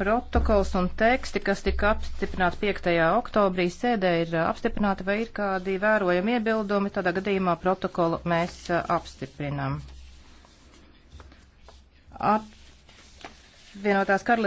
Protokols un teksti, kas tika apstiprināti 5. oktobrī sēdē, ir uh, apstiprināti vai ir kādi vērojami iebildumi. Tādā gadījumā protokolu mēs uh, apstiprinam. Apvienotās karalīs.